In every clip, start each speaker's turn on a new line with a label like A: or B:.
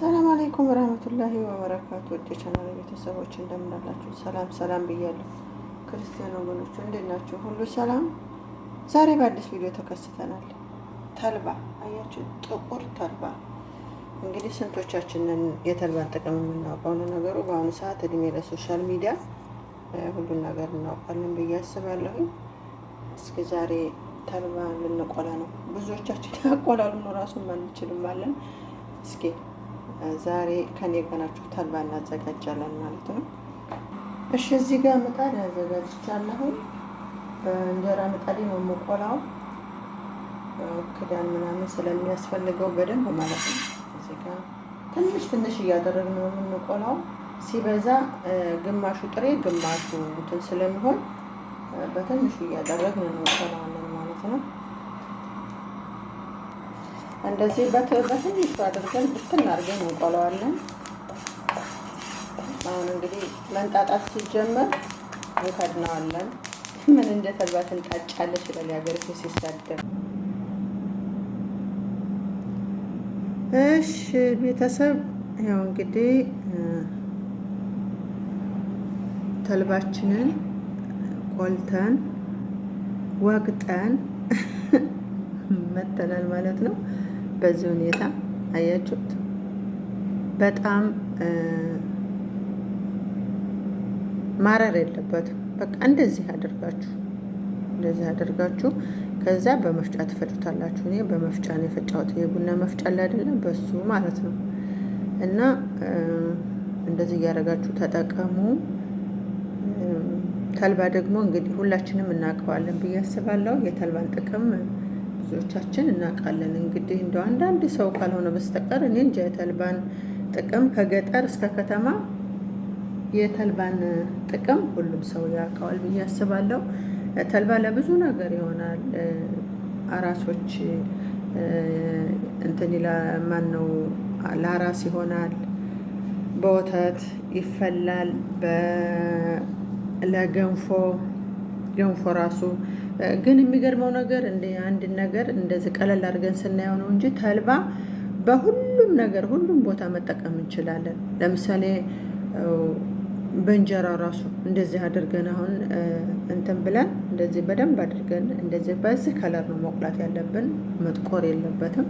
A: ሰላም አለይኩም ወራህመቱላሂ ወበረካቱ። ወደ ቻናል ቤተሰቦች እንደምን አላችሁ? ሰላም ሰላም ብያለሁ። ክርስቲያን ወገኖች እንዴት ናቸው? ሁሉ ሰላም? ዛሬ በአዲስ ቪዲዮ ተከስተናል። ተልባ አያችሁ፣ ጥቁር ተልባ። እንግዲህ ስንቶቻችንን የተልባን ጥቅም የምናውቀው ነው ነገሩ። በአሁኑ ሰዓት እድሜ ለሶሻል ሚዲያ ሁሉን ነገር እናውቃለን ብዬ አስባለሁ። እስኪ ዛሬ ተልባ ልንቆላ ነው። ብዙዎቻችን ያቆላሉ ነው ራሱ ማንችልም አለን። እስኪ ዛሬ ከኔ ገናችሁ ተልባ እናዘጋጃለን ማለት ነው። እሺ እዚህ ጋር ምጣድ አዘጋጅቻለሁ እንጀራ ምጣዴ ነው የምቆላው። ክዳን ምናምን ስለሚያስፈልገው በደንብ ማለት ነው። እዚህ ጋር ትንሽ ትንሽ እያደረግን ነው የምንቆላው። ሲበዛ ግማሹ ጥሬ ግማሹ እንትን ስለሚሆን በትንሹ እያደረግን እንቆላዋለን ማለት ነው። እንደዚህ በትንሹ አድርገን ብትን አድርገን እንቆለዋለን። አሁን እንግዲህ መንጣጣት ሲጀመር እንከድነዋለን። ምን እንደ ተልባ ትንጣጫለች ይላል የሀገሪቱ ሲሳደብ። እሺ ቤተሰብ ያው እንግዲህ ተልባችንን ቆልተን ወቅጠን መተናል ማለት ነው። በዚህ ሁኔታ አያችሁት። በጣም ማረር የለበትም። በቃ እንደዚህ አድርጋችሁ እንደዚህ አድርጋችሁ ከዛ በመፍጫ ትፈጩታላችሁ። እኔ በመፍጫ ነው የፈጫሁት። የቡና መፍጫ ላይ አይደለም በሱ ማለት ነው። እና እንደዚህ እያደረጋችሁ ተጠቀሙ። ተልባ ደግሞ እንግዲህ ሁላችንም እናውቀዋለን ብዬ አስባለሁ የተልባን ጥቅም ብዙዎቻችን እናውቃለን። እንግዲህ እንደው አንዳንድ ሰው ካልሆነ በስተቀር እኔ እንጃ የተልባን ጥቅም ከገጠር እስከ ከተማ የተልባን ጥቅም ሁሉም ሰው ያውቀዋል ብዬ አስባለሁ። ተልባ ለብዙ ነገር ይሆናል። አራሶች እንትን ማን ነው ለአራስ ይሆናል። በወተት ይፈላል፣ ለገንፎ ገንፎ ራሱ ግን የሚገርመው ነገር እንደ አንድ ነገር እንደዚህ ቀለል አድርገን ስናየው ነው እንጂ ተልባ በሁሉም ነገር ሁሉም ቦታ መጠቀም እንችላለን። ለምሳሌ በእንጀራ ራሱ እንደዚህ አድርገን አሁን እንትን ብለን እንደዚህ በደንብ አድርገን እንደዚህ በዚህ ከለር ነው መቁላት ያለብን። መጥቆር የለበትም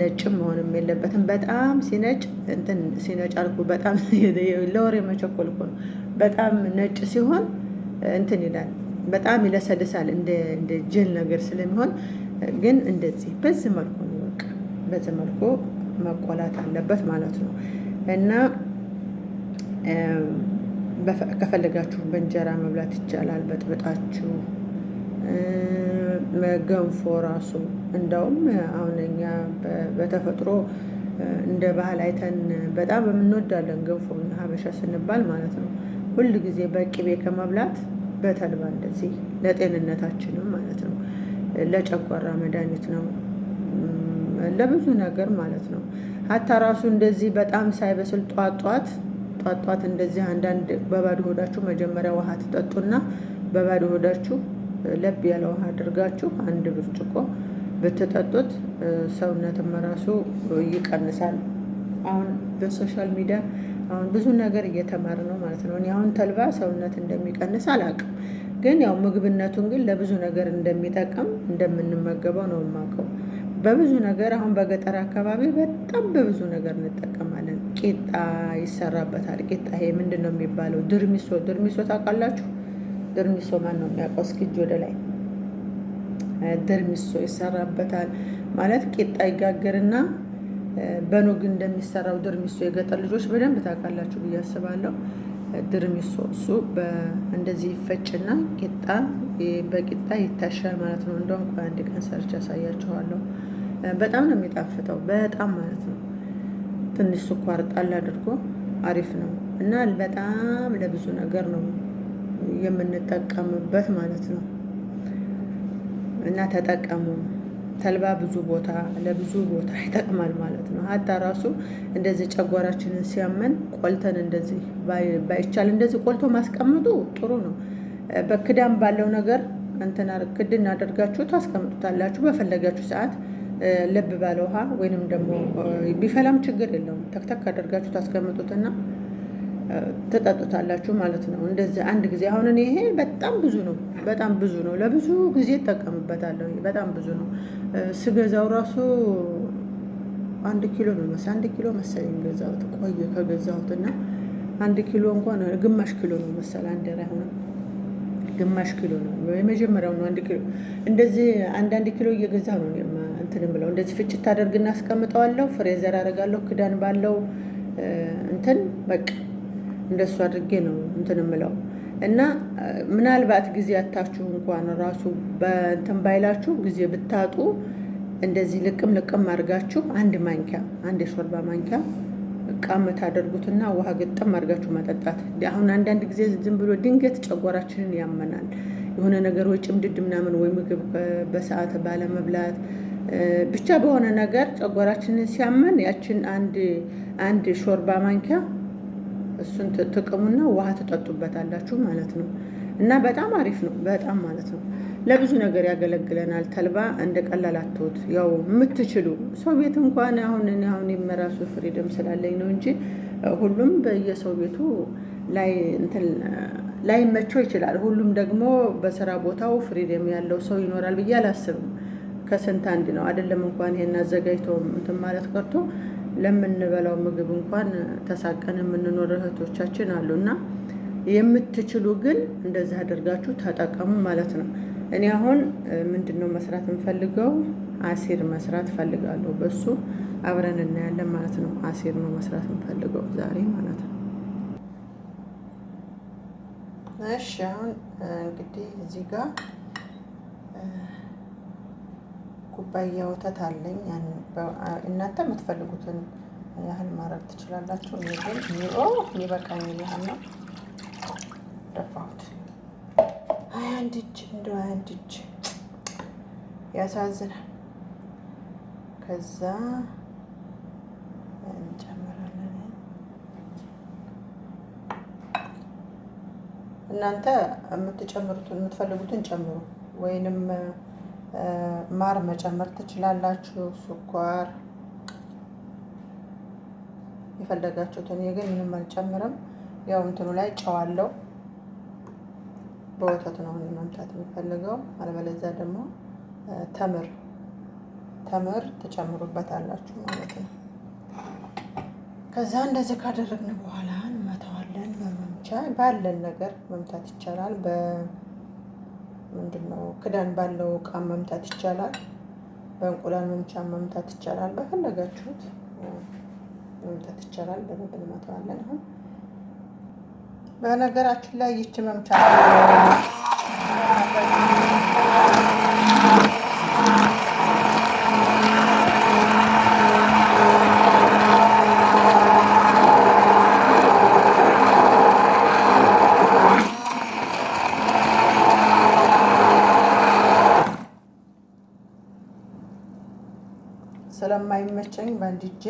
A: ነጭም መሆንም የለበትም። በጣም ሲነጭ እንትን ሲነጭ አልኩ፣ በጣም ለወሬ መቸኮል እኮ ነው። በጣም ነጭ ሲሆን እንትን ይላል፣ በጣም ይለሰልሳል፣ እንደ ጀል ነገር ስለሚሆን ግን እንደዚህ በዚህ መልኩ ነው በዚህ መልኩ መቆላት አለበት ማለት ነው እና ከፈለጋችሁ በእንጀራ መብላት ይቻላል። በጥብጣችሁ ገንፎ ራሱ እንደውም አሁን እኛ በተፈጥሮ እንደ ባህል አይተን በጣም የምንወዳለን ገንፎ ሀበሻ ስንባል ማለት ነው። ሁል ጊዜ በቅቤ ከመብላት በተልባ እንደዚህ ለጤንነታችንም ማለት ነው፣ ለጨጓራ መድኃኒት ነው፣ ለብዙ ነገር ማለት ነው። ሀታ ራሱ እንደዚህ በጣም ሳይበስል ጧጧት ጧት እንደዚህ አንዳንድ በባዶ ሆዳችሁ መጀመሪያ ውሃ ትጠጡና በባዶ ሆዳችሁ ለብ ያለ ውሃ አድርጋችሁ አንድ ብርጭቆ ብትጠጡት ሰውነትም ራሱ ይቀንሳል። አሁን በሶሻል ሚዲያ አሁን ብዙ ነገር እየተማር ነው ማለት ነው። እኔ አሁን ተልባ ሰውነት እንደሚቀንስ አላውቅም፣ ግን ያው ምግብነቱን ግን ለብዙ ነገር እንደሚጠቅም እንደምንመገበው ነው የማውቀው። በብዙ ነገር አሁን በገጠር አካባቢ በጣም በብዙ ነገር እንጠቀማለን። ቂጣ ይሰራበታል። ቂጣ ይሄ ምንድን ነው የሚባለው? ድርሚሶ ድርሚሶ ታውቃላችሁ? ድርሚሶ ማን ነው የሚያውቀው? እስኪ እጅ ወደ ላይ። ድርሚሶ ይሰራበታል ማለት ቂጣ ይጋገርና በኖግ እንደሚሰራው ድርሚሶ የገጠር ልጆች በደንብ ታውቃላችሁ ብዬ አስባለሁ። ድርሚሶ እሱ እንደዚህ ይፈጭና ቂጣ በቂጣ ይታሻል ማለት ነው። እንደውም ቆይ አንድ ቀን ሰርች ያሳያችኋለሁ። በጣም ነው የሚጣፍጠው፣ በጣም ማለት ነው። ትንሽ ስኳር ጣል አድርጎ አሪፍ ነው እና በጣም ለብዙ ነገር ነው የምንጠቀምበት ማለት ነው እና ተጠቀሙ። ተልባ ብዙ ቦታ ለብዙ ቦታ ይጠቅማል ማለት ነው። ሀታ ራሱ እንደዚህ ጨጓራችንን ሲያመን ቆልተን እንደዚህ ባይቻል እንደዚህ ቆልቶ ማስቀምጡ ጥሩ ነው። በክዳም ባለው ነገር እንትና ክድን እናደርጋችሁ ታስቀምጡታላችሁ። በፈለጋችሁ ሰዓት ለብ ባለ ውሃ ወይንም ደግሞ ቢፈላም ችግር የለውም ተክተክ አደርጋችሁ ታስቀምጡትና ትጠጡታላችሁ ማለት ነው። እንደዚህ አንድ ጊዜ አሁን እኔ ይሄ በጣም ብዙ ነው፣ በጣም ብዙ ነው። ለብዙ ጊዜ እጠቀምበታለሁ። በጣም ብዙ ነው። ስገዛው ራሱ አንድ ኪሎ ነው መሰለኝ፣ አንድ ኪሎ መሰለኝ ገዛሁት። ቆየ ከገዛሁት እና አንድ ኪሎ እንኳን ግማሽ ኪሎ ነው መሰለኝ፣ አንድ ራ አይሆንም ግማሽ ኪሎ ነው የመጀመሪያው ነው። አንድ ኪሎ እንደዚህ አንዳንድ ኪሎ እየገዛ ነው እንትን ብለው እንደዚህ ፍጭት ታደርግና አስቀምጠዋለሁ። ፍሬዘር አደርጋለሁ ክዳን ባለው እንትን በቃ እንደሱ አድርጌ ነው እንትን የምለው እና ምናልባት ጊዜ አታችሁ እንኳን ራሱ በእንትን ባይላችሁ ጊዜ ብታጡ እንደዚህ ልቅም ልቅም አድርጋችሁ አንድ ማንኪያ አንድ የሾርባ ማንኪያ ቃም ታደርጉትና ውሃ ግጥም አድርጋችሁ መጠጣት። አሁን አንዳንድ ጊዜ ዝም ብሎ ድንገት ጨጓራችንን ያመናል። የሆነ ነገር ወይ ጭምድድ ምናምን ወይ ምግብ በሰዓት ባለመብላት ብቻ በሆነ ነገር ጨጓራችንን ሲያመን ያችን አንድ አንድ ሾርባ ማንኪያ እሱን ትቅሙና ውሃ ትጠጡበታላችሁ ማለት ነው። እና በጣም አሪፍ ነው፣ በጣም ማለት ነው። ለብዙ ነገር ያገለግለናል። ተልባ እንደ ቀላል አትሁት። ያው የምትችሉ ሰው ቤት እንኳን አሁን አሁን የመራሱ ፍሪደም ስላለኝ ነው እንጂ ሁሉም በየሰው ቤቱ ላይመቸው ይችላል። ሁሉም ደግሞ በስራ ቦታው ፍሪደም ያለው ሰው ይኖራል ብዬ አላስብም። ከስንት አንድ ነው አይደለም እንኳን ይሄን አዘጋጅቶ እንትን ማለት ቀርቶ ለምንበላው ምግብ እንኳን ተሳቀን የምንኖር እህቶቻችን አሉ እና የምትችሉ ግን እንደዚህ አድርጋችሁ ተጠቀሙ ማለት ነው። እኔ አሁን ምንድን ነው መስራት የምፈልገው አሲር መስራት ፈልጋለሁ። በሱ አብረን እናያለን ማለት ነው። አሲር ነው መስራት የምፈልገው ዛሬ ማለት ነው። እሺ አሁን እንግዲህ እዚህ ጋር ኩባያ ወተት አለኝ። እናንተ የምትፈልጉትን ያህል ማድረግ ትችላላችሁ። እኔ ግን ኒሮ የሚበቃኝ ያህል ነው ደፋሁት። ሀያ አንድ እጅ እንደ ሀያ አንድ እጅ ያሳዝናል። ከዛ እንጨምራለን። እናንተ የምትጨምሩትን የምትፈልጉትን ጨምሩ ወይንም ማር መጨመር ትችላላችሁ፣ ስኳር የፈለጋችሁትን። እኔ ግን ምንም አልጨምርም። ያው እንትኑ ላይ ጨዋለው በወተት ነው መምታት የሚፈልገው። አለበለዚያ ደግሞ ተምር ተምር ትጨምሩበታላችሁ ማለት ነው። ከዛ እንደዚህ ካደረግን በኋላ እንመታዋለን። በመምቻ ባለን ነገር መምታት ይቻላል። ምንድን ነው ክዳን ባለው እቃ መምታት ይቻላል። በእንቁላል መምቻ መምታት ይቻላል። በፈለጋችሁት መምታት ይቻላል። በደንብ እንመታዋለን። አሁን በነገራችን ላይ ይቺ መምቻ ስለማይመቸኝ ባንዲጄ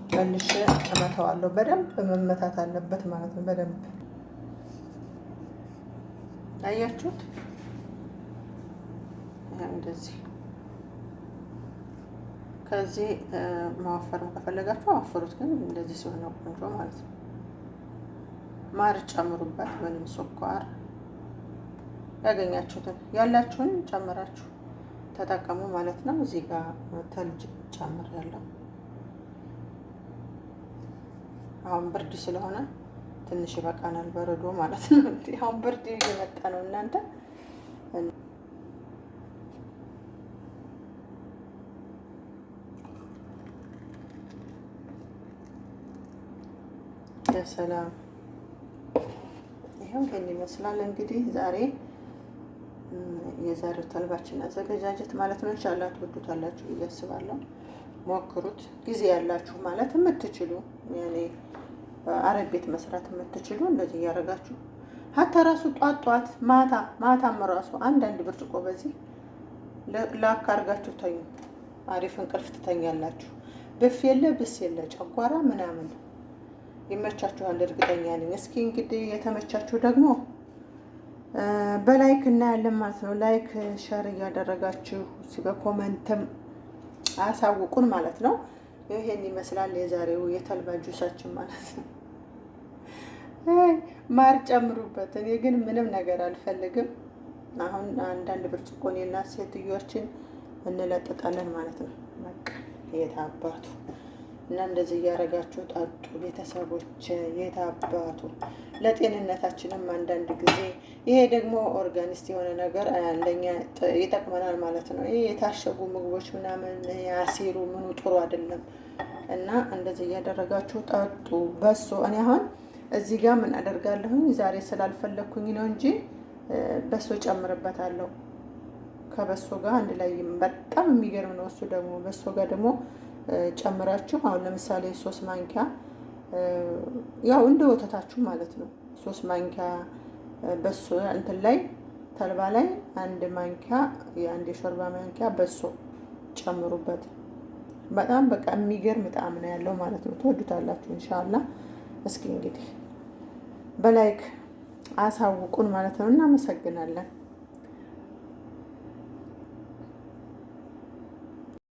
A: እጄ መልሼ እመተዋለሁ። በደንብ መመታት አለበት ማለት ነው። በደንብ አያችሁት? እንደዚህ ከዚህ ማወፈር ከፈለጋችሁ አወፍሩት፣ ግን እንደዚህ ሲሆን ነው ቆንጆ ማለት ነው። ማር ጨምሩበት፣ ወይም ስኳር ያገኛችሁትን ያላችሁን ጨምራችሁ ተጠቀሙ ማለት ነው። እዚህ ጋር ተልጅ ጨምር ያለው አሁን ብርድ ስለሆነ ትንሽ ይበቃናል፣ በረዶ ማለት ነው። አሁን ብርድ እየመጣ ነው እናንተ ሰላም። ይኸው ይመስላል እንግዲህ ዛሬ የዛሬው ተልባችን አዘገጃጀት ማለት ነው። ኢንሻአላህ ትወዱታላችሁ ብዬ አስባለሁ። ሞክሩት። ጊዜ ያላችሁ ማለት የምትችሉ ያኔ አረብ ቤት መስራት የምትችሉ እንደዚህ እያደረጋችሁ ሀታ ራሱ ጧት ጧት ማታ ማታም ራሱ አንዳንድ ብርጭቆ በዚህ ላካ አርጋችሁ ተኙ። አሪፍ እንቅልፍ ትተኛላችሁ። ብፍ የለ ብስ የለ ጨጓራ ምናምን ይመቻችኋል፣ እርግጠኛ ነኝ። እስኪ እንግዲህ የተመቻችሁ ደግሞ በላይክ እናያለን ማለት ነው። ላይክ ሸር እያደረጋችሁ እዚህ በኮመንትም አሳውቁን ማለት ነው። ይሄን ይመስላል የዛሬው የተልባ ጁሳችን ማለት ነው። ማር ጨምሩበት። እኔ ግን ምንም ነገር አልፈልግም። አሁን አንዳንድ ብርጭቆ እኔና ሴትዮችን እንለጥጣለን ማለት ነው። በቃ የት አባቱ እና እንደዚህ እያደረጋችሁ ጠጡ ቤተሰቦች፣ የት አባቱ ለጤንነታችንም አንዳንድ ጊዜ ይሄ ደግሞ ኦርጋኒስት የሆነ ነገር ለኛ ይጠቅመናል ማለት ነው። ይሄ የታሸጉ ምግቦች ምናምን ያሲሩ ምኑ ጥሩ አይደለም እና እንደዚህ እያደረጋችሁ ጠጡ። በሶ እኔ አሁን እዚህ ጋር ምን አደርጋለሁኝ ዛሬ ስላልፈለግኩኝ ነው እንጂ በሶ ጨምርበታለሁ። ከበሶ ጋር አንድ ላይ በጣም የሚገርም ነው። እሱ ደግሞ በሶ ጋር ደግሞ ጨምራችሁ አሁን ለምሳሌ ሶስት ማንኪያ ያው እንደ ወተታችሁ ማለት ነው። ሶስት ማንኪያ በሶ እንትን ላይ ተልባ ላይ አንድ ማንኪያ የአንድ የሾርባ ማንኪያ በሶ ጨምሩበት። በጣም በቃ የሚገርም ጣዕም ነው ያለው ማለት ነው። ትወዱታላችሁ እንሻላ። እስኪ እንግዲህ በላይክ አሳውቁን ማለት ነው። እናመሰግናለን።